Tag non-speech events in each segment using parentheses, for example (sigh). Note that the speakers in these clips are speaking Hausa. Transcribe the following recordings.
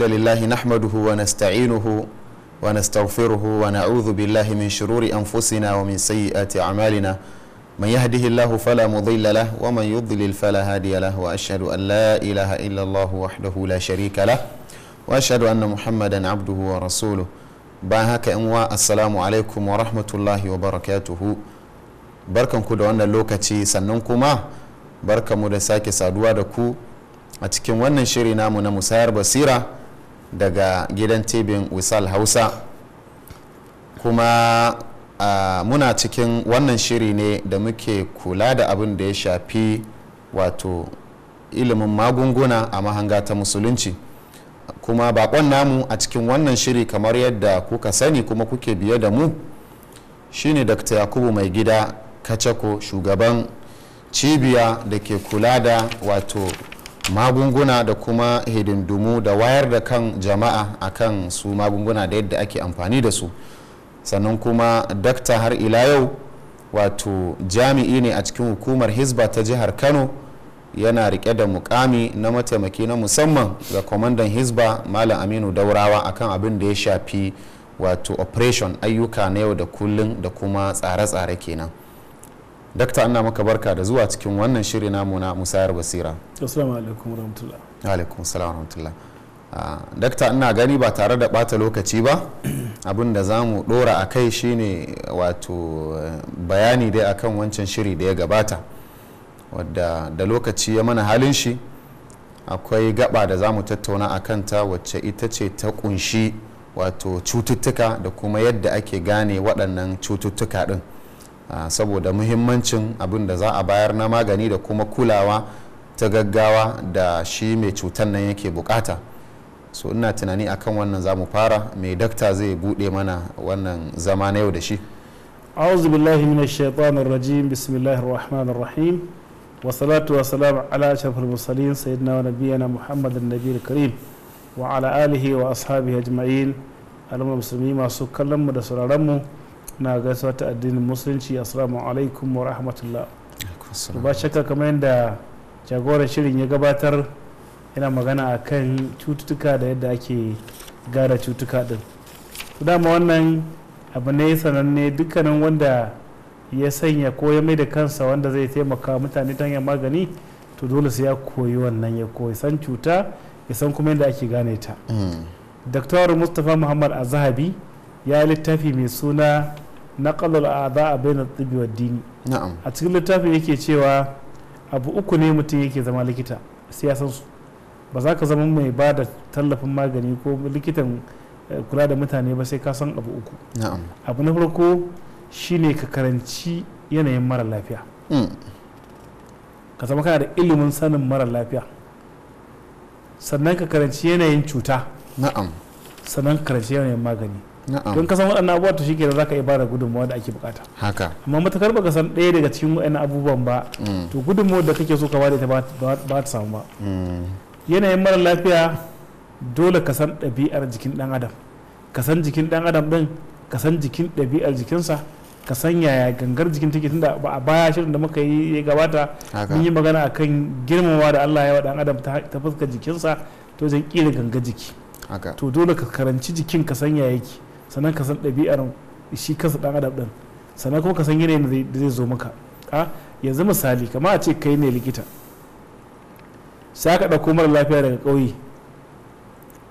الحمد لله نحمده ونستعينه ونستغفره ونعوذ بالله من شرور أنفسنا ومن سيئات أعمالنا من يهده الله فلا مضل له ومن يضلل فلا هادي له وأشهد أن لا إله إلا الله وحده لا شريك له وأشهد أن محمدا عبده ورسوله باهك أموا السلام عليكم ورحمة الله وبركاته barkan ku da wannan lokaci sannan kuma barkan mu da sake saduwa da ku a cikin wannan shiri namu na musayar basira daga gidan tibin wisal hausa kuma uh, muna cikin wannan shiri ne da muke kula da abin da ya shafi wato ilimin magunguna a mahanga ta musulunci kuma bakon namu a cikin wannan shiri kamar yadda kuka sani kuma kuke biye da mu shine dr yakubu mai gida kacako shugaban cibiya da ke kula da wato magunguna da kuma hidindumu da wayar da kan jama'a a kan su magunguna da yadda ake amfani da su sannan kuma dakta har ila yau wato jami'i ne a cikin hukumar hisba ta jihar kano yana rike da mukami na mataimaki na musamman ga kwamandan hisba malam aminu daurawa akan abin da ya shafi wato operation ayyuka na yau da kullum da kuma tsare-tsare kenan dakta ana maka barka da zuwa cikin wannan shiri namu na musayar basira assalamu alaikum warahmatullah alaikum assalam warahmatullah ah, dakta ina gani ba tare da bata lokaci ba (clears throat) abin da za mu dora a kai shine wato eh, bayani dai akan wancan shiri da ya gabata wadda da lokaci ya mana halin shi akwai gaba da za mu tattauna a kanta wacce ita ce ta kunshi wato cututtuka da kuma yadda ake gane waɗannan cututtuka ɗin. Ah, saboda muhimmancin abin da za a bayar na magani da kuma kulawa ta gaggawa da shi mai cutar nan yake bukata so ina tunani akan wannan zamu fara mai dakta zai bude mana wannan zama na yau da shi a'udhu billahi minash shaitanir rajim bismillahir rahmanir rahim wa salatu wa salam ala ashrafil mursalin sayyidina wa nabiyyina muhammadin nabiyil karim wa ala alihi wa ashabihi ajma'in al muslimi masu kallon mu da sauraron mu na gaisuwa ta addinin musulunci assalamu alaikum wa rahmatullah ba shakka kamar yadda jagoran shirin ya gabatar yana magana a kan cututtuka da yadda ake gara cutuka din dama wannan abu ne sananne dukkanin wanda ya sanya ko ya mai da kansa wanda zai taimaka mutane ta hanyar magani to dole sai ya koyi wannan ya koyi san cuta ya san kuma yadda ake gane ta mm. dr mustapha muhammad azahabi ya littafi mai suna naqalul a bayna at-tibbi wa dini. na'am a cikin littafin yake cewa abu uku ne mutum yake zama likita siyasan su ba za ka zama mai ba da tallafin magani ko likitan eh, kula da mutane ba sai ka san abu uku abu na farko shine ka karanci yanayin mara lafiya hmm. ka zama kana da ilimin sanin mara lafiya sannan ka karanci yanayin cuta na'am sannan ka karanci yanayin magani don kasan waɗannan abubuwa to za ka iya bada gudunmawa da ake bukata haka amma matakar baka san ɗaya daga cikin waɗannan abubuwan ba mm. to gudunmawar da kake so ka bada ita ba ta samu ba mm. yanayin mara lafiya dole ka san ɗabi'ar jikin ɗan adam ka san jikin ɗan adam ɗin ka san jikin ɗabi'ar jikinsa ka san yaya gangar jikin take tunda ba a baya shirin da muka yi ya gabata mun yi magana akan girmamawa da Allah ya wa ɗan adam ta fuskar jikinsa to zan kira gangar jiki to dole ka karanci jikin ka san yaya yake sannan ka san ɗabi'ar shi kansa ɗan adam ɗin sannan kuma ka san yanayin da zai zo maka a yanzu misali kamar a ce kai ne likita sai aka ɗauko mara lafiya daga ƙauye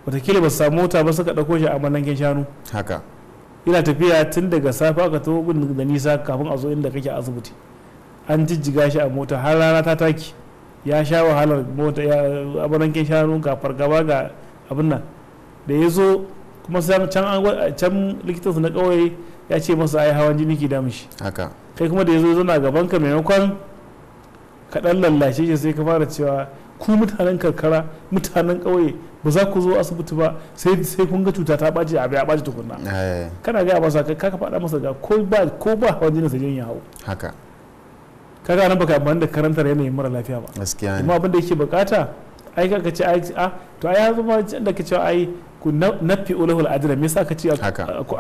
watakila ba su samu mota ba suka ɗauko shi a mallakin shanu haka ina tafiya tun daga safe aka taho gudun da nisa kafin a zo inda kake asibiti an jijjiga shi a mota har rana ta taki ya sha wahalar mota ya shanu ga fargaba ga abin nan da ya zo kuma sai can can su na kauye ya ce masa ai hawan jini ke damu shi haka kai kuma da yazo zana gaban ka maimakon ka dan lallace shi sai ka fara cewa ku mutanen karkara mutanen kauye ba za ku zo asibiti ba sai sai kun ga cuta ta baje a ya baje tukunna eh. kana ga masa ka ka fada masa ga ko ba ko ba hawan jini sai ya hawo haka kaga nan baka banda da karantar yanayin mara lafiya ba gaskiya kuma abin da yake bukata ai ka ce ai a to ai ya zama da ka ce ai ku nafi ulahul ajira me yasa ka ce a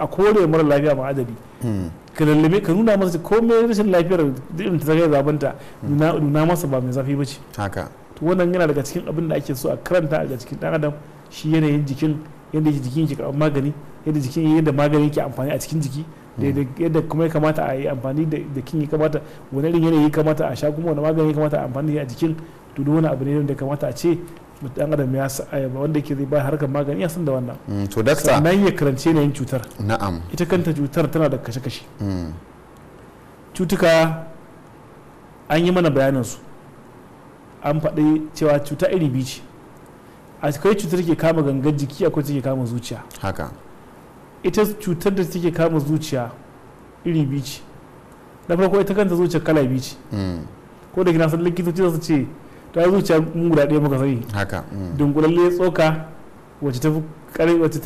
kore mara lafiya ma adabi hmm. ka lallame ka nuna masa ko me rashin lafiyar irin ta zagaya zabanta nuna masa ba mai zafi bace haka to wannan yana daga cikin abin da ake so a karanta a cikin dan adam shi yanayin jikin yadda jikin ke ka magani yadda jikin yadda magani yake amfani a cikin jiki hmm. yadda kuma ya kamata a yi amfani da kin ya kamata wani irin yanayi kamata a sha kuma wani magani ya kamata a amfani a jikin to duk wani abu ne da kamata a ce Mutum an adam ya sa ayaba wanda ke zai ba harkar magani ya san da wannan mm, to dakta sannan ya karance ne yin cutar na'am ita kanta cutar tana da kashe kashe mm. cutuka an yi mana bayanin su an faɗi cewa cuta iri biyu ce A cikin cutar ke kama gangan jiki akwai take kama zuciya haka ita cutar da take kama zuciya iri biyu ce na farko ita kanta zuciya kala biyu ce mm. ko da na san likitoci za su ce ta zuciya mun guda ɗaya muka sani haka mm. dunkulalle tsoka wacce ta fi wacce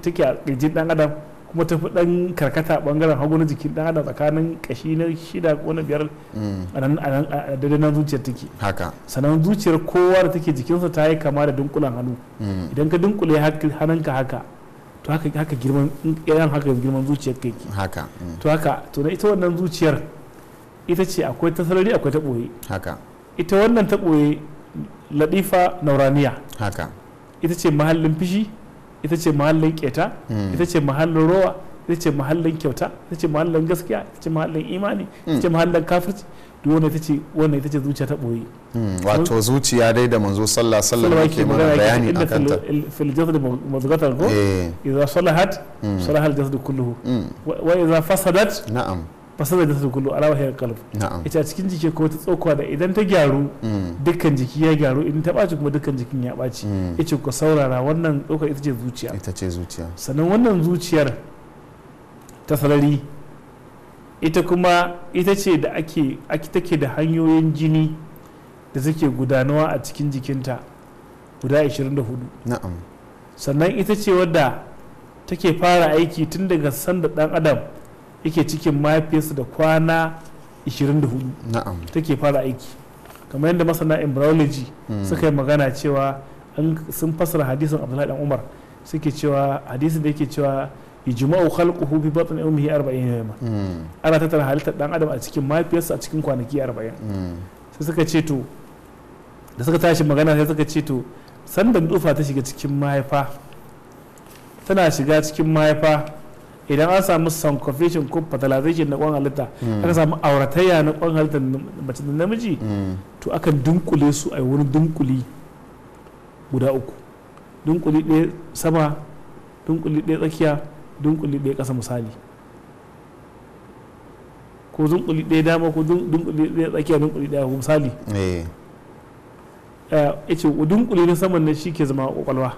take a ƙirjin dan adam kuma ta fi dan karkata bangaren hagu na jikin ɗan adam tsakanin kashi na shida ko na biyar mm. a nan a daidai na zuciyar take haka sannan zuciyar kowa da take jikinsa ta yi kama da dunkulan hannu mm. idan ka dunkule hannunka haka to haka haka girman yan haka girman zuciyar kai haka to haka to na ita wannan zuciyar ita ce akwai ta sarari akwai ta boye haka ita wannan ta ɓoye ladifa nauraniya haka ita ce mahallin fishi ita ce mahallin keta hmm. ita ce mahallin rowa ita ce mahallin kyauta ita ce mahallin gaskiya ita ce mahallin imani ita hmm. ce mahallin kafirci duk wannan ita ce wannan ita ce zuciya ta ɓoye hmm. wato zuciya dai da manzo sallah sallah ke mana bayani akan ta fil jasad mazghatan ko eh. idza salahat salahal jasad kulluhu wa idza fasadat na'am fasada da su kullu alawa hayar kalb ita cikin jiki ko ta tsoka da idan ta gyaru mm. dukkan jiki ya gyaru idan ta ɓaci kuma dukkan jikin ya ɓaci ita mm. ku saurara wannan tsokar ita ce zuciya ita ce zuciya sannan wannan zuciyar ta sarari ita kuma ita ce da ake ake take da hanyoyin jini da suke gudanawa a cikin jikinta guda 24 na'am sannan ita ce wadda take fara aiki tun daga sanda dan adam yake cikin mahaifiyarsa da kwana 24 take fara aiki kamar yadda masana embryology hmm. suka yi magana cewa sun fasara hadisin abdullahi dan umar suke cewa hadisin da yake cewa ijma'u khalquhu bi batni ummihi 40 yawma hmm. ana tattara halittar dan adam a cikin mahaifiyarsa a cikin kwanaki 40 hmm. sai suka ce to da suka tashi magana sai suka ce to sandan dufa ta shiga cikin mahaifa tana shiga cikin mahaifa idan an samu sankofishin ko fertilization na kwan halitta hmm. aka samu auratayya na kwan halitta mace da namiji hmm. to akan dunkule su a wani dunkuli guda uku dunkuli ɗaya sama dunkuli ɗaya tsakiya dunkuli ɗaya ƙasa misali ko dunkuli ɗaya dama ko dunkuli ɗaya tsakiya dunkuli ɗaya misali eh. Eh, ya ce dunkuli na saman na shi ke zama kwakwalwa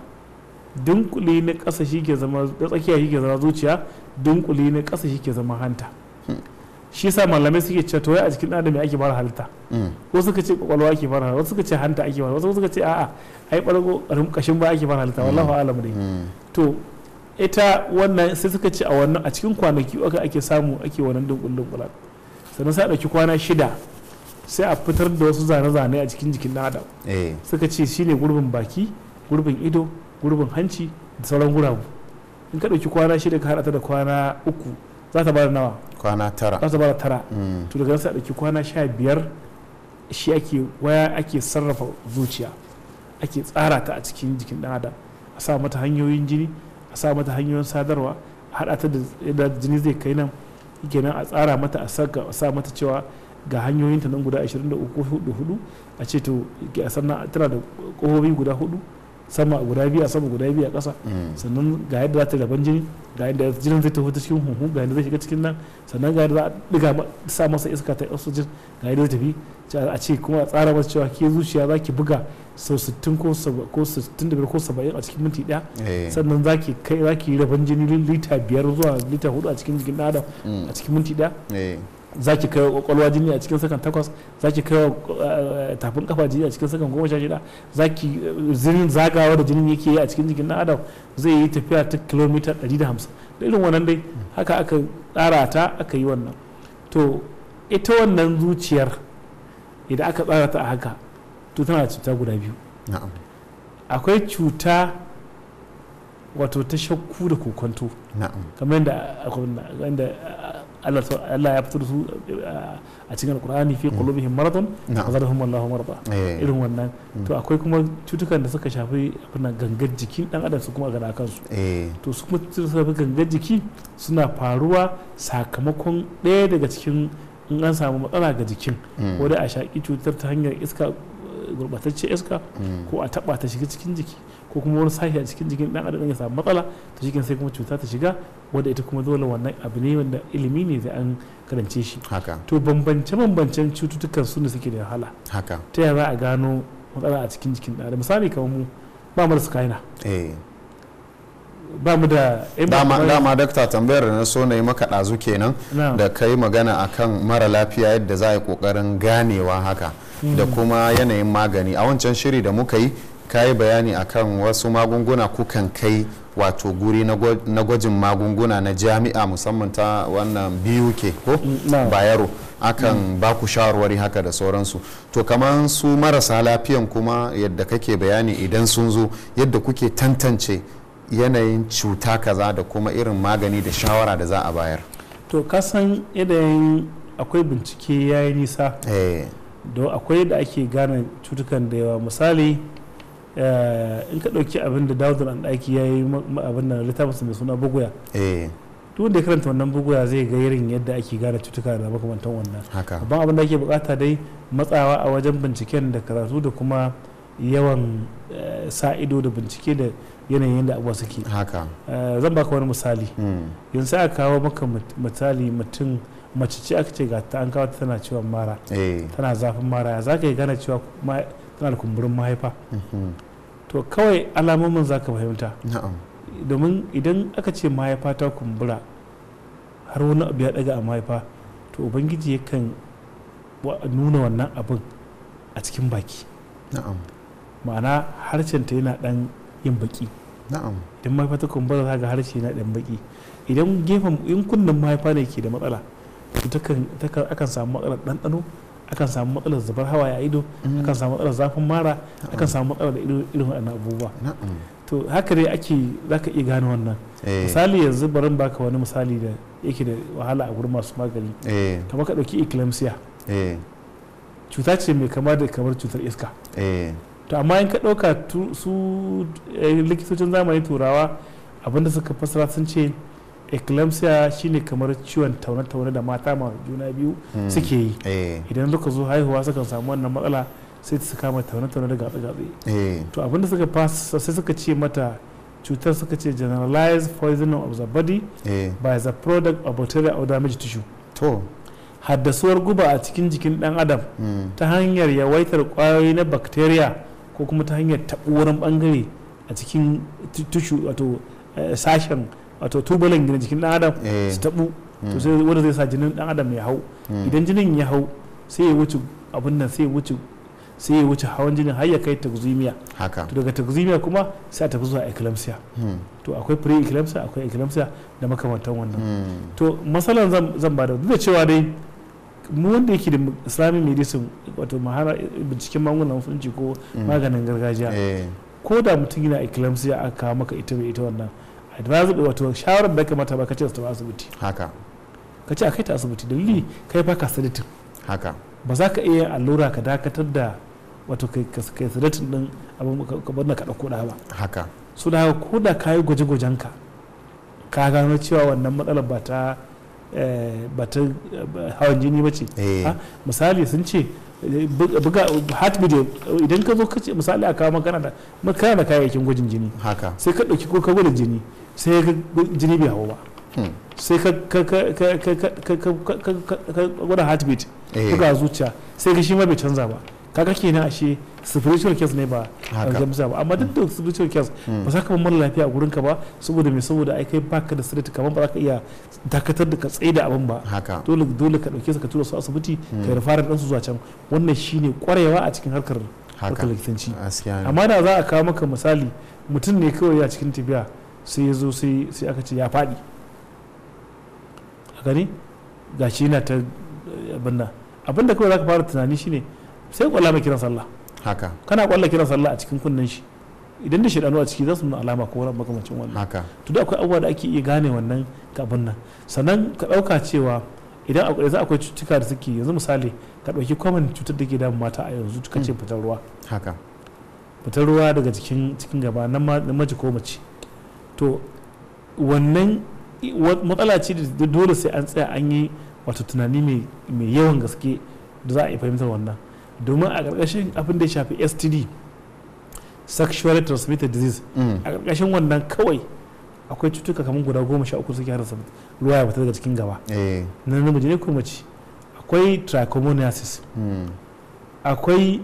dunkuli na ƙasa shi ke zama da tsakiya shi ke zama zuciya dunkuli na ƙasa shi ke zama hanta shi sa malamai suke ce to a cikin adam ake fara halitta wasu suka ce kwakwalwa ake fara halitta wasu suka ce hanta ake fara wasu suka ce a'a ai bargo karkashin ba ake fara halitta wallahi alam dai to ita wannan sai suka ce a wannan a cikin kwanaki aka ake samu ake wannan dunkulin dunkula sannan sai a ɗauki kwana shida sai a fitar da wasu zane-zane a cikin jikin ɗan adam eh. suka ce shine gurbin baki gurbin ido gurbin hanci da sauran guragu in ka ɗauki kwana shida ka haɗa ta da kwana uku za ta bada nawa kwana tara za ta bada tara mm. to daga nan sai ɗauki kwana sha biyar shi ake waya ake sarrafa zuciya ake tsara ta a cikin jikin ɗan adam a sa mata hanyoyin jini a sa mata hanyoyin sadarwa a haɗa ta da yadda jini zai kai nan nan a tsara mata a sa mata cewa ga hanyoyin ta nan guda 23 hudu hudu a ce to a sannan tana da ƙofofi guda hudu sama guda biyu a sama guda biyu a ƙasa mm. sannan ga yadda za ta rabon jini ga yadda jinin zai tafi ta cikin hunhun ga yadda zai shiga cikin nan sannan ga yadda za a diga sa masa iska ta oxygen ga yadda zai tafi a ce kuma a tsara masa cewa ke zuciya za ki buga sau 60 ko 65 ko 70 a cikin minti ɗaya. Eh. sannan za ki kai za ki yi rabon jini lita biyar zuwa lita hudu a cikin jikin adam mm. a cikin minti ɗaya. Eh. za ki kai kwakwalwa jini a cikin sakan takwas za ki kai eh, tafin kafa jini a cikin sakan goma sha shida za ki eh, zirin zagawa da jinin yake a cikin jikin na adam zai yi tafiya ta kilomita 150 da irin wannan dai haka aka tsara ta aka yi wannan to ita wannan zuciyar idan aka tsara ta a haka to tana cuta guda biyu akwai cuta wato ta shakku da kokonto kamar yadda Allah ya fitar su a cikin alkur'ani fi qulubihim maradun azarhum Allahu marada irin wannan to akwai kuma cutukan da suka shafi abin gangar jiki dan adam su kuma gana kansu to su kuma su shafi gangar jiki suna faruwa sakamakon ɗaya daga cikin in an samu matsala ga jikin ko a shaƙi cutar ta hanyar iska gurɓatacce iska ko a taɓa ta shiga cikin jiki ko kuma wani sashi a cikin jikin dan adam ya samu matsala to shi sai kuma cuta ta shiga wanda ita kuma dole wannan abu ne wanda ilimi ne sai an karance shi haka to bambance bambancen cututtukan su ne suke da wahala haka ta yaya za a gano matsala a cikin jikin dan adam misali kamar mu ba mu da skyna eh ba mu da dama dama dakta tambayar da na so na yi maka dazu kenan da kai magana akan mara lafiya yadda za a yi ƙoƙarin ganewa haka da hmm. kuma yanayin magani a wancan shiri da muka yi ka yi bayani akan wasu magunguna kukan kai wato guri na gwajin magunguna na jami'a musamman ta wannan biyu ke ko bayero akan ba shawarwari haka da sauransu to kamar su marasa lafiyan kuma yadda kake bayani idan sun zo yadda kuke tantance yanayin cuta kaza da kuma irin magani da shawara da za a bayar to kasan idan akwai bincike ya yi nisa eh. don akwai da ake gane cutukan da yawa misali Eh, in ka ɗauki abin da dawud an ɗaki ya yi abin da littafinsa mai suna buguya eh. duk wanda ya karanta wannan buguya zai ga irin yadda ake gane cutuka da makamantan wannan babban abin da ake bukata dai matsawa a wajen binciken da karatu da kuma yawan eh, sa ido da bincike da yanayin yadda abuwa suke zan baka wani misali hmm. yanzu aka kawo maka misali mutum mace ce aka ce ga ta an kawo tana ciwon mara tana zafin mara za ka yi gane cewa tana da kumburin mahaifa mm-hmm. to kawai alamomin za ka fahimta domin idan aka ce mahaifa ta kumbura har wani abu ya daga a mahaifa to ubangiji yakan nuna wannan abin a cikin baki ma'ana ta yana dan yin baki idan mahaifa ta kumbura za ga harshe yana dan baki idan gefen in kunnen mahaifa ne ke da matsala to akan samu matsalar ɗanɗano akan samu matsalar zubar hawa a ido mm. akan samu matsalar zafin mara akan samu matsalar da irin waɗannan abubuwa to haka dai ake zaka iya gane wannan eh. misali yanzu barin baka wani misali da yake da wahala a gurin masu magani eh. kamar ka ɗauki eclampsia eh. cuta ce mai kama da kamar cutar iska to amma in ka ɗauka su likitocin zamani turawa abinda suka fassara sun ce eclampsia shine kamar ciwon taune-taune da mata ma juna biyu hmm. suke yi eh. idan suka zo haihuwa sukan samu wannan matsala sai su kama taune-taune da gatsi-gatsi eh. to abinda suka fasa sai suka ce mata cutar suka ce generalized poisoning of the body eh. by the product of bacteria or damaged tissue to haddasuwar guba a cikin jikin dan adam hmm. ta hanyar yawaitar kwayoyi na bacteria ko kuma ta hanyar tabuwar bangare a cikin tushu wato sashen wato Tubalin gina jikin dan adam eh. su tabu to hmm. sai wanda zai sa jinin dan adam ya hau hmm. idan jinin ya hau sai ya wuce abin nan sai ya wuce sai ya wuce hawan jinin har ya kai taxemia haka to daga taxemia kuma sai a zuwa eclampsia hmm. to akwai pre eclampsia akwai eclampsia da makamantan wannan to masalan zan zan bada duk da cewa dai mu wanda yake da islamic medicine wato mahara binciken magungunan musulunci ko maganin gargajiya eh. ko da mutum yana eclampsia aka kawo maka ita bai ita wannan advisable wato shawarar da kamata ba ka ce su asibiti haka ka ce a kai ta asibiti dalili kai fa ka sadatin haka ba za ka iya allura ka dakatar da wato kai sadatin din abin ka bar ka dauko da ba haka so da ko da kai gwaje-gwajen ka ka gano cewa wannan matsalar ba ta eh, ba ta eh, hawan jini ba ce eh. misali sun ce buga heart video idan ka zo ka ce misali a kawo makana da makana da kayayyakin gwajin jini haka sai ka ɗauki ko ka gwada jini sai ka jini bai hawa ba sai ka gwada heartbeat ka ga zuciya sai ka shi ma bai canza ba ka kaga kenan ashe spiritual case ne ba aljamsa ba amma duk da spiritual case ba za ka bar mara lafiya a gurin ka ba saboda mai saboda ai kai baka da sirri kamar ba za ka iya dakatar da ka tsaye da abin ba dole ka dauke su ka tura su asibiti ka yi fara dan su zuwa can wannan shine kwarewa a cikin harkar harkar likitanci amma da za a kawo maka misali mutum ne kawai a cikin tafiya sai ya zo sai aka ce ya faɗi a gani shi yana ta abinda eh, abinda kawai zaka fara tunani shine sai kwalla mai kiran sallah haka kana kwalla kiran sallah a cikin kunnen shi idan da shidanu a ciki za su nuna alama ko wani makamancin wannan haka to da akwai abubuwa da ake iya gane wannan ka abin nan sannan ka dauka cewa idan akwai za akwai cutuka da suke yanzu misali ka dauki kwamin cutar da ke da mata a yanzu ka ce hmm. fitar ruwa haka fitar ruwa daga cikin cikin gaba nan maji ko mace to wannan matsala ce da dole sai an tsaya an yi wato tunani mai yawan gaske da za a yi fahimtar wannan domin a ƙarƙashin abin da ya shafi std sexually transmitted disease mm. a ƙarƙashin wannan kawai akwai cutuka kamar guda goma sha uku suke harasa ruwa ya fita daga cikin gaba eh. na namiji ne ko mace akwai trichomoniasis mm. akwai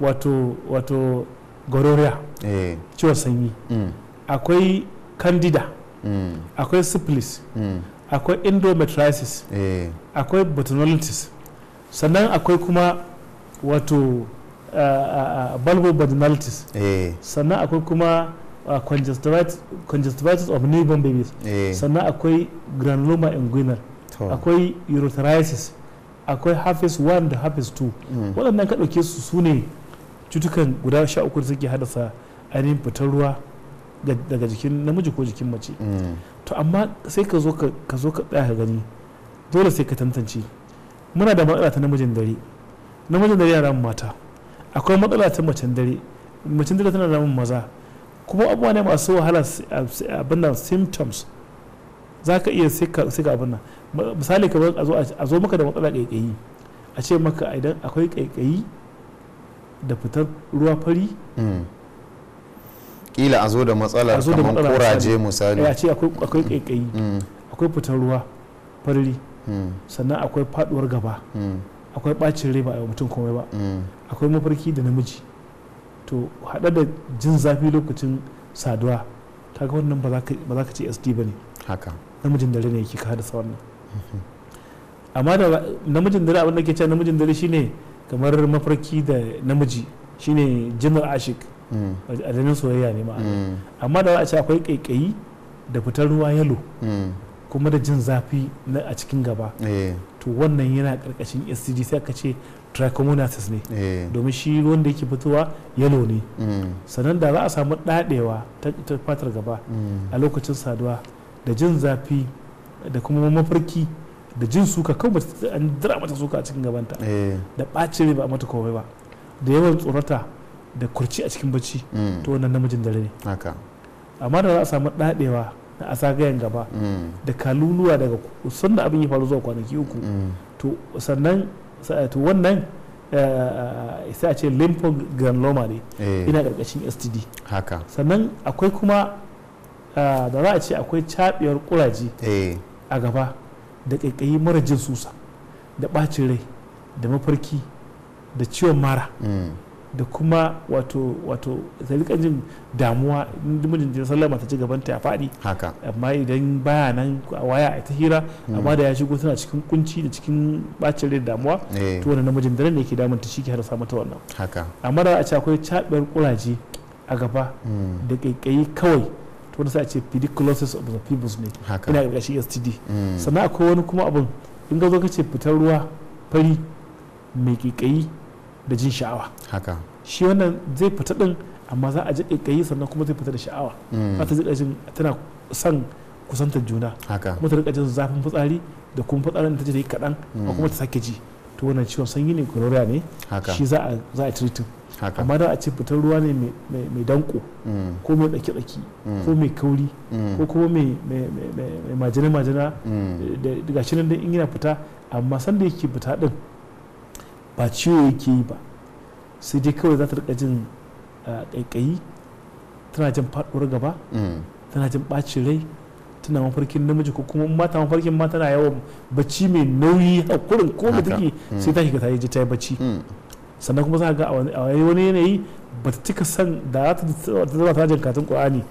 wato wato gororiya eh. ciwon sanyi mm. akwai candida mm. akwai syphilis mm. akwai endometriosis eh. akwai botulinitis sannan akwai kuma wato bulbobodinalitis eh. sannan akwai kuma congestivitis of newborn babies eh. sannan akwai granuloma inguinal akwai urethritis akwai hafis 1 da hafis 2 mm. waɗannan ka ɗauke su su ne cutukan guda sha uku da suke haddasa ainihin fitar ruwa daga jikin namiji ko jikin mace mm. to amma sai ka zo ka zo ka tsaya gani dole sai ka tantance muna da matsala ta namijin dare namijin dare yana mata akwai matsala ta macen dare macen dare tana ramin maza kuma abubuwa ne masu wahala abin nan symptoms za ka iya sai ka abin nan misali kamar a zo maka da matsala ƙaiƙayi a ce maka idan akwai ƙaiƙayi da fitar ruwa fari mm. kila a zo da matsala kamar kuraje misali ya eh, ce akwai kaikayi akwai mm. fitar ruwa farri mm. sannan akwai faduwar gaba mm. akwai bacin rai ba a mutum komai ba akwai mafarki da namiji to haɗa da jin zafi lokacin saduwa ga wannan ba za ka ce sd ba ne haka namijin dare ne yake haddasa wannan mm-hmm. amma da namijin dare abin da ke cewa namijin dare shine kamar mafarki da namiji shine jinar ashik aljanin soyayya ne ma'ana mm. amma da za a ce akwai ƙaiƙayi da fitar ruwa yalo mm. kuma da jin zafi na a cikin gaba eh. to wannan yana ƙarƙashin scd sai aka ce trichomoniasis ne eh. domin shi ruwan da yake fitowa yalo ne mm. sannan da za a samu ɗaɗewa ta fatar gaba a lokacin saduwa da jin zafi da kuma mafarki da jin suka kawai an dira mata suka a cikin gabanta eh. da ɓacin ba a mata komai ba da yawan tsorata da kurci a cikin bacci mm. to wannan namijin dare ne amma da za a samu dadewa na zagayen gaba mm. da kaluluwa daga da abin ya faru zuwa kwanaki uku mm. to sannan to wannan eh, eh, eh, sai a ce granuloma ne ina karkashin std haka sannan akwai kuma da za a ce akwai cabiyar kuraje a gaba da ƙaiƙayi mara jin susa da bacin rai da mafarki da ciwon mara da kuma wato wato rika jin damuwa mijin da sallama ta ci gaban ta ya faɗi haka amma idan baya nan a waya a ta hira hmm. amma da ya shigo tana cikin kunci da cikin bacin rai damuwa eh. to wannan namijin da ne ke damun ta shike har sa mata wannan haka amma da a ce akwai chabiyar kuraje a gaba hmm. da kaikayi kawai to wanda sai a ce pediculosis of the pubis ne ina ƙarƙashin std hmm. sannan akwai wani kuma abin in ga zo ka ce fitar ruwa fari mai kaikayi da jin sha'awa haka shi wannan zai fita din amma za a ji kai sannan kuma zai fita da sha'awa ba mm. ta ji jin tana son kusantar juna haka kuma ta rika jin zafin fitsari da kuma fitsarin da ta ji da kaɗan ba kuma mm. ta sake ji to wannan ciwon sanyi ne gonorrhea ne haka shi za a za a haka amma da a ce fitar ruwa ne mai danko mm. ko mai daki daki ko mai kauri ko kuma mai majina majina eh, da gashi nan in yana fita amma sanda yake fita din ba ciwo yake yi ba sai dai kawai za ta rika jin ƙaiƙayi tana jin faɗuwar gaba mm. tana jin ɓacin rai tana mafarkin namiji ko kuma mata mafarkin ma tana yawan bacci mai nauyi kurin ko da take mm. sai ta shiga ta yi ta yi bacci mm. sannan kuma za ga a wani yanayi ba ta cika son da za ta zama ta jin katin ƙwa'ani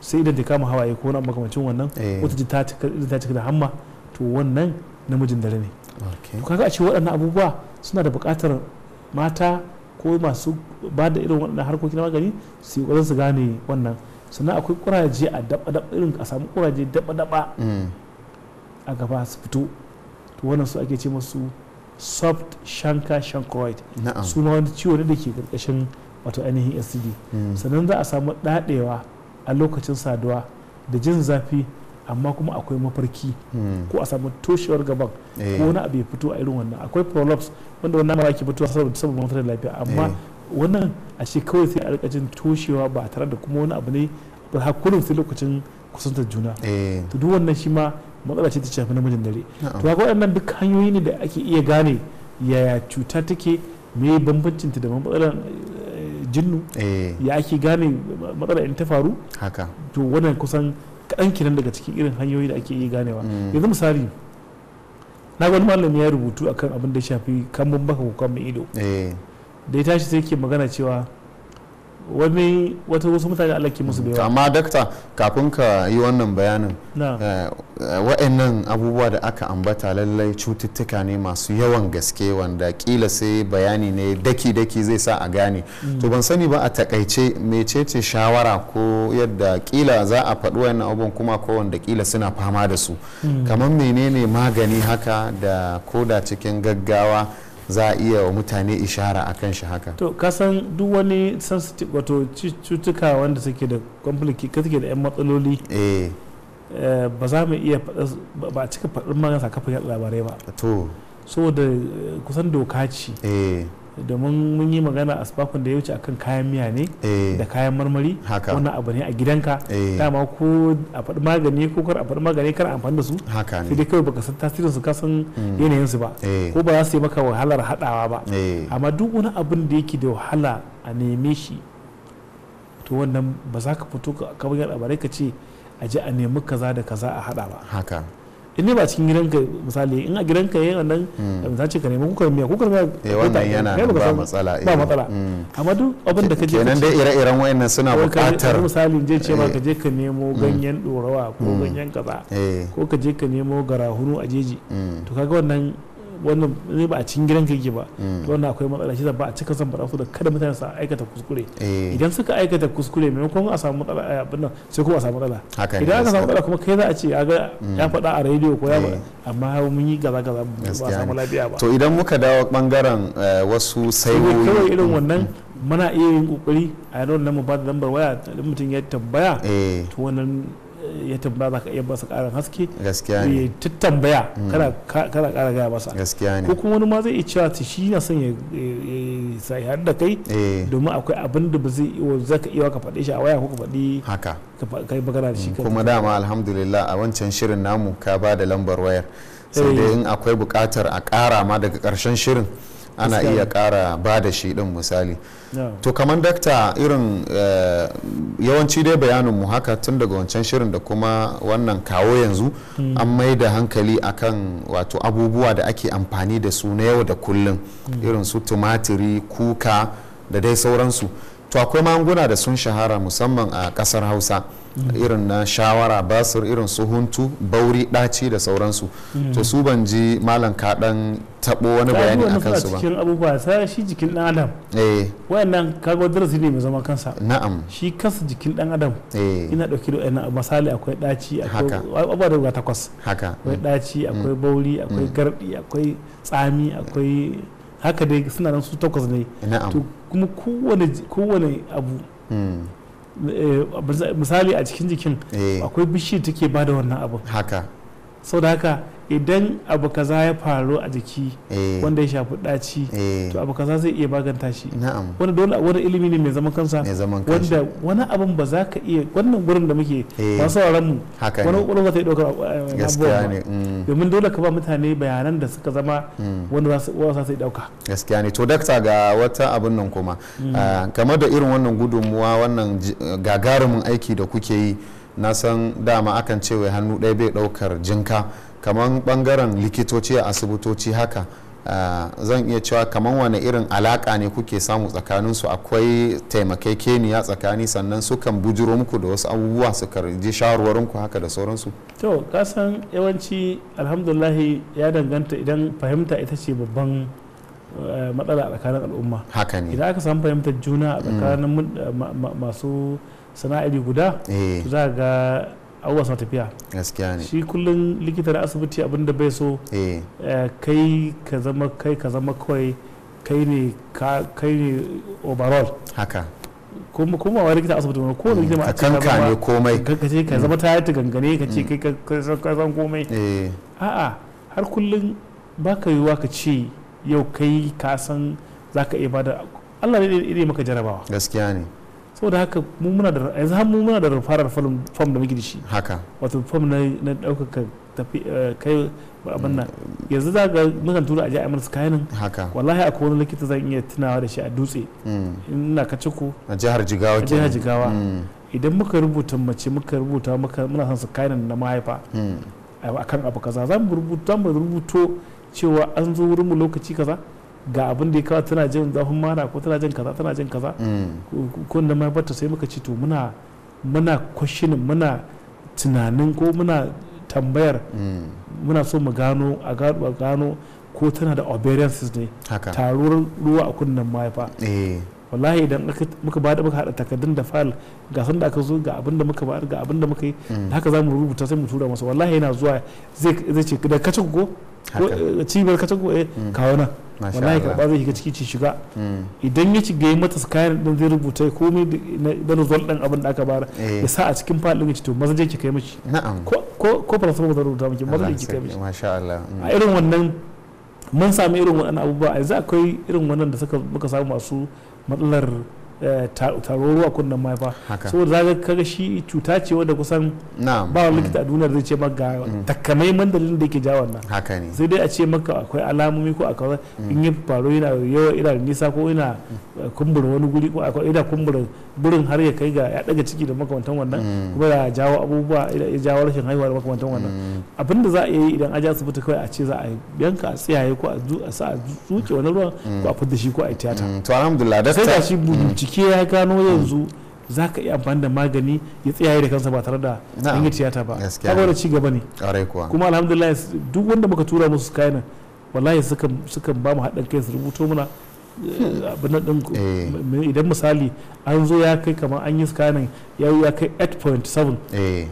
sai idan ta kama hawaye ko na makamancin wannan eh. wata ji ta cika da hamma to wannan namijin dare ne kaga a ce waɗannan abubuwa suna da buƙatar mata ko masu ba da irin waɗannan harkoki na magani su yi su gane wannan sannan akwai ƙuraje a daɓa daɓa irin a samu ƙuraje daɓa daɓa. Mm. a gaba su fito to wannan su ake ce masu soft shanka shankoid su ma wani ciwo ne da ke ƙarƙashin wato ainihin std mm. sannan za a samu ɗaɗewa a lokacin saduwa da jin zafi amma kuma akwai mafarki hmm. ko a samu toshewar gaban ko eh. wani abu ya fito a irin wannan akwai prolapse wanda wannan mara ke fito saboda mafarar lafiya amma eh. wannan a shi kawai sai a rikacin toshewa ba tare da kuma wani abu ne ba hakurin sai lokacin kusantar juna eh. to duk wannan shi ma matsala ce ta shafi namijin dare to akwai wannan duk hanyoyi ne da ake iya gane yaya cuta take me ta da matsalar jinnu ya ake gane matsala in ta faru Haka to wannan kusan kaɗan nan daga cikin irin hanyoyi da ake iya ganewa mm. yanzu misali na wani malami ya rubutu akan abin da shafi shafi mun baka ko kambun ido eh. da ya tashi sai ke magana cewa wani wata wasu mutane Allah ke musu amma dakta kafin ka yi wannan bayanin eh, eh, wa'annan abubuwa da aka ambata lallai cututtuka ne masu yawan gaske wanda kila sai bayani ne daki-daki zai sa a gane mm. to ban sani ba a takaice mecece shawara ko yadda kila za a faɗi wa'annan abubuwan kuma ko wanda kila suna fama da su mm. kamar menene magani haka da koda cikin gaggawa za a iya wa mutane ishara a kan shi haka to kasan duk wani wato cutuka wanda suke da ka suke da yan matsaloli eh. Eh, ba za mu iya ba a cika faɗin magana sakamakon yaɗa labarai ba to da eh, kusan doka ce domin mun yi magana a spakon da ya wuce akan kayan miya ne eh. da kayan marmari wannan abu ne a gidanka eh. dama ko a faɗi magani ko kar a faɗi magani kar amfani da su sai dai kawai baka san tasirin su kasan mm. yanayin su ba eh. ko ba za su yi maka wahalar haɗawa ba amma duk wani abin da yake da wahala a neme shi to wannan ba za ka fito ka bayyana labarai ka ce a je a nemi kaza da kaza a haɗa ba in ne ba cikin gidanka misali in a gidanka yayin wannan misali hmm. ce ka nemi kuka miya kuka miya eh wannan yana ba matsala ba eh. matsala hmm. amma duk abin da ka je kenan dai ire-iren wayannan suna buƙatar misali je ce ba eh. ka je ka nemo hmm. ganyen dorawa ko ganyen kaza eh. ko ka je ka nemo garahunu a jeji to kaga wannan wannan zai ba a cikin gidan ka ba mm. to wannan akwai matsala shi ba a cika son bara su da kada mutane su aikata kuskure eh. idan suka aikata kuskure maimakon a samu matsala a eh, abin nan sai kuma a samu matsala idan aka samu matsala kuma kai za a ce ya ga mm. ya faɗa a rediyo ko ya ba eh. amma mun yi gaza gaza ba samu lafiya ba to idan muka dawo bangaren wasu saiwoyi kawai irin mm. wannan muna iya yin kokari a yanzu nan mu ba da lambar waya da mutum ya tambaya to wannan ya tambaya za ka iya masa karin haske gaskiya ya tattambaya mm. kana kara gaya masa gaskiya ko kuma wani ma zai iya cewa ta shi na son ya sai har da kai eh. domin akwai abin da ba zai za ka iya ka faɗi shi a waya ko ka faɗi haka kai magana da shi kuma dama alhamdulillah a wancan shirin namu ka ba da lambar wayar sai eh. dai in akwai buƙatar a ƙara ma daga karshen shirin ana iya kara ba da shi din misali to kamar dakta irin eh, yawanci dai bayanin mu haka tun daga wancan shirin da kuma wannan kawo yanzu mm. an mai da hankali akan wato abubuwa da ake amfani da su na yau da kullum mm. irin su tumatiri kuka da dai sauransu to akwai manguna da sun shahara musamman a kasar hausa irin na shawara basir irin su huntu bauri daci da sauransu mm. to su ban ji malam kaɗan taɓo wani bayani a kansu ba cikin abubuwa sai shi jikin ɗan adam eh. wayannan kago darasi ne mai zama kansa na'am shi kansa jikin ɗan adam eh. ina dauki da wayannan misali akwai ɗaci akwai abubuwa da guda takwas haka akwai mm. ɗaci akwai mm. bauri akwai gardi akwai tsami akwai haka dai suna nan su takwas ne na'am. kuma kowane abu hmm. eh, misali a cikin jikin eh. akwai bishiyar take ba da wannan abu. haka sau da haka idan abu kaza ya faru a jiki eh. wanda ya shafi daci eh. to abu kaza zai iya baganta shi wanda dole wani ilimi ne mai zaman kansa wanda wani abin ba za ka iya wannan gurin da muke eh. masu sauraron mu wani kwakwalwa za ta yi ɗaukar abubuwa mm. domin dole ka ba mutane bayanan da suka zama mm. wanda za su dauka. gaskiya ne to dakta ga wata abin nan kuma kamar mm. ah, da irin wannan gudunmuwa wannan gagarumin aiki da kuke yi na san dama akan ce wai hannu ɗaya bai ɗaukar jinka kamar bangaren likitoci a asibitoci haka zan iya cewa kamar wani irin alaka ne kuke samu tsakanin su akwai taimakekeniya tsakani sannan sukan bujiro muku da wasu abubuwa su karji ku haka da sauransu to kasan yawanci alhamdulahi ya danganta idan fahimta ita ce babban eh, matsala a tsakanin al'umma haka ne idan aka samu fahimtar juna a tsakanin mm. masu sana'ari guda eh. za ga abubuwa suna tafiya gaskiya ne shi kullum likita na asibiti abinda bai so eh. Eh, kai ka zama kai ka zama kawai kai ne kai ne overall haka kuma kuma wani likita asibiti wani kowane likita ma mm, kanka ne komai ka ce ka mm. zama tayar ta gangane ka ce mm. kai ka san komai eh. a'a har kullum baka yiwuwa ka ce yau kai ka san zaka iya bada Allah ne ne maka jarabawa gaskiya ne saboda haka mu muna da yanzu har muna da rufarar fam da muke da shi haka wato fam na na daukaka tafi eh, kai abin nan mm. yanzu za ga mukan tura aje amir nan haka wallahi akwai wani likita zan iya tunawa da shi a dutse mm. ina ka ciko a jihar jigawa a jihar jigawa mm. idan muka rubuta mace muka rubuta muka muna son nan na mahaifa a kan abu kaza za mu rubuta mu rubuto cewa an zo wurin mu lokaci kaza ga abin da ya kawo tana jin zafin mana ko tana jin kaza tana jin kaza mm. ko da mai sai muka ci to muna muna kwashinin muna tunanin ko muna tambayar mm. muna so mu gano a gano ko tana da ovarian ne taruwar ruwa a kunnen mahaifa eh. wallahi idan muka bada muka hada takardun da fal ga da aka zo ga abinda muka bayar ga abinda muka yi mm. haka za mu rubuta sai mu tura masa wallahi yana zuwa zai ce da kace ko Eh, cibiyar ka ko eh mm. kawo nan wallahi karba zai shiga ciki ci shiga mm. idan ya ci gaye mata kayan din zai rubuta komai da result din abin da aka bara eh. ya sa a cikin fadin ya ci to maza je ki kai na'am ko ko ko farasa ba zai rubuta miki maza je ki kai mishi masha Allah a irin wannan mun sami irin waɗannan abubuwa yanzu akwai irin wannan da suka muka samu masu matsalar taruwa kunnen mahaifa saboda zaga kaga shi cuta ce wanda kusan ba likita a duniyar zai ce maka takamaiman dalilin da yake ja wannan sai dai a ce maka akwai alamomi ko akwai in yi faru yana yawa ina nisa ko ina kumbura wani guri ko akwai ina kumbura burin har ya kai ga ya daga ciki da makamantan wannan kuma ya jawo abubuwa ya jawo rashin haihuwa da makamantan wannan abinda za a yi idan aji asibiti kawai a ce za a yanka a tsiyaye ko a sa a zuke wani ruwan ko a fita shi ko a yi tiyata to alhamdulillah sai ga shi bincike ya gano yanzu za ka iya amfani da magani ya tsayaye da kansa ba tare da an yi tiyata ba kaga da ci ne kuma alhamdulillah duk wanda muka tura musu kayan wallahi sukan ba mu haɗin kai su rubuto muna eh, abin din eh. idan misali an zo ya kai kamar an yi scanning ya kai 8.7 eh.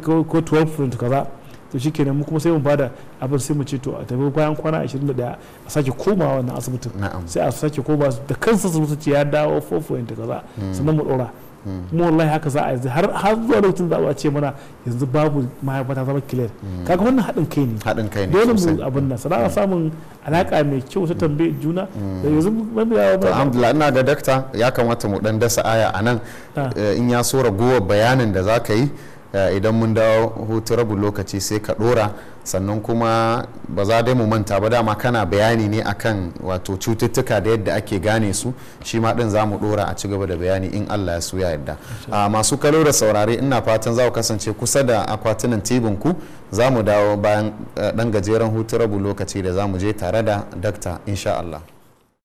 ko 12 kaza to kenan mu kuma sai mu bada abin sai mu ce to a tafi bayan kwana 21 a sake komawa wannan asibitin sai a sake koma da kansa su mutu ce ya dawo 4.0 kaza hmm. sannan mu dora kuma hmm. wallahi haka za a yanzu har zuwa lokacin za a ce mana yanzu babu mahaifa ta zama clear hmm. kaga wannan haɗin kai ne haɗin kai ne dole mu abin nan sana'a samun alaka mai kyau ta tambaye juna da yanzu ban da to alhamdulillah ina ga dakta ya kamata mu dan dasa aya anan ah. eh, in ya so ragowar bayanin da za ka yi Eh, idan mun dawo hutu rabu lokaci sai ka dora sannan kuma ba za dai mu manta ba dama kana bayani ne akan wato cututtuka da yadda ake gane su shi ma din za mu dora a ci gaba da bayani in Allah ya suya ya ah, masu kalo da saurare ina fatan za ku kasance kusa da akwatunan tibin ku za mu dawo bayan dan eh, gajeren hutu rabu lokaci da za mu je tare da dakta insha Allah